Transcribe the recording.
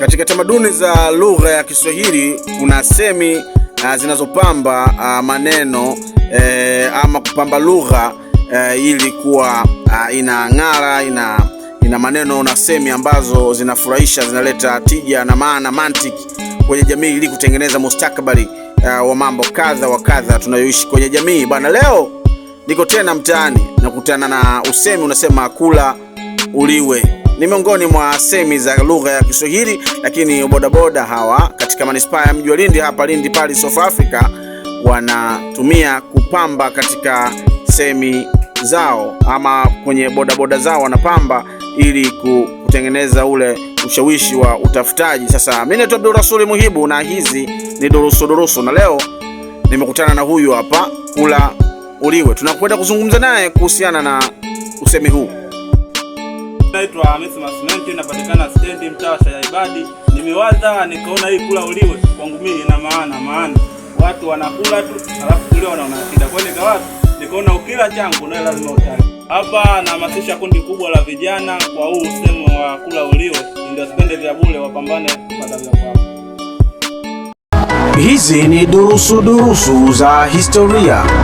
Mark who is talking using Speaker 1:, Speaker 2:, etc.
Speaker 1: Katika tamaduni za lugha ya Kiswahili kuna semi ah, zinazopamba ah, maneno uh, ama kupamba lugha uh, ili kuwa ah, inang'ara, ina, ina maneno na semi ambazo zinafurahisha, zinaleta tija na maana mantiki kwenye jamii ili kutengeneza mustakabali uh, wa mambo kadha wa kadha tunayoishi kwenye jamii bana. Leo niko tena mtaani, nakutana na usemi unasema, kula uliwe ni miongoni mwa semi za lugha ya Kiswahili, lakini bodaboda hawa katika manispaa ya mji wa Lindi hapa Lindi pale South Africa wanatumia kupamba katika semi zao ama kwenye bodaboda zao wanapamba ili kutengeneza ule ushawishi wa utafutaji. Sasa mimi ni Abdurasuli Muhibu na hizi ni durusu durusu, na leo nimekutana na huyu hapa Kula Uliwe, tunakwenda kuzungumza naye kuhusiana na usemi huu.
Speaker 2: Naitwa Hamisi Masimenti, napatikana stendi mtaa wa Shaibadi. Nimewaza nikaona hii kula uliwe kwangu mimi ina maana maana watu wanakula tu alafu kuliwa wanaona shida, kwa hiyo nikawaza nikaona ukila changu naye lazima utaki. Hapa nahamasisha kundi kubwa la vijana kwa huu msemo wa kula uliwe, ndio wasipende vya bure, wapambane kupata vya Hizi ni durusu durusu za historia.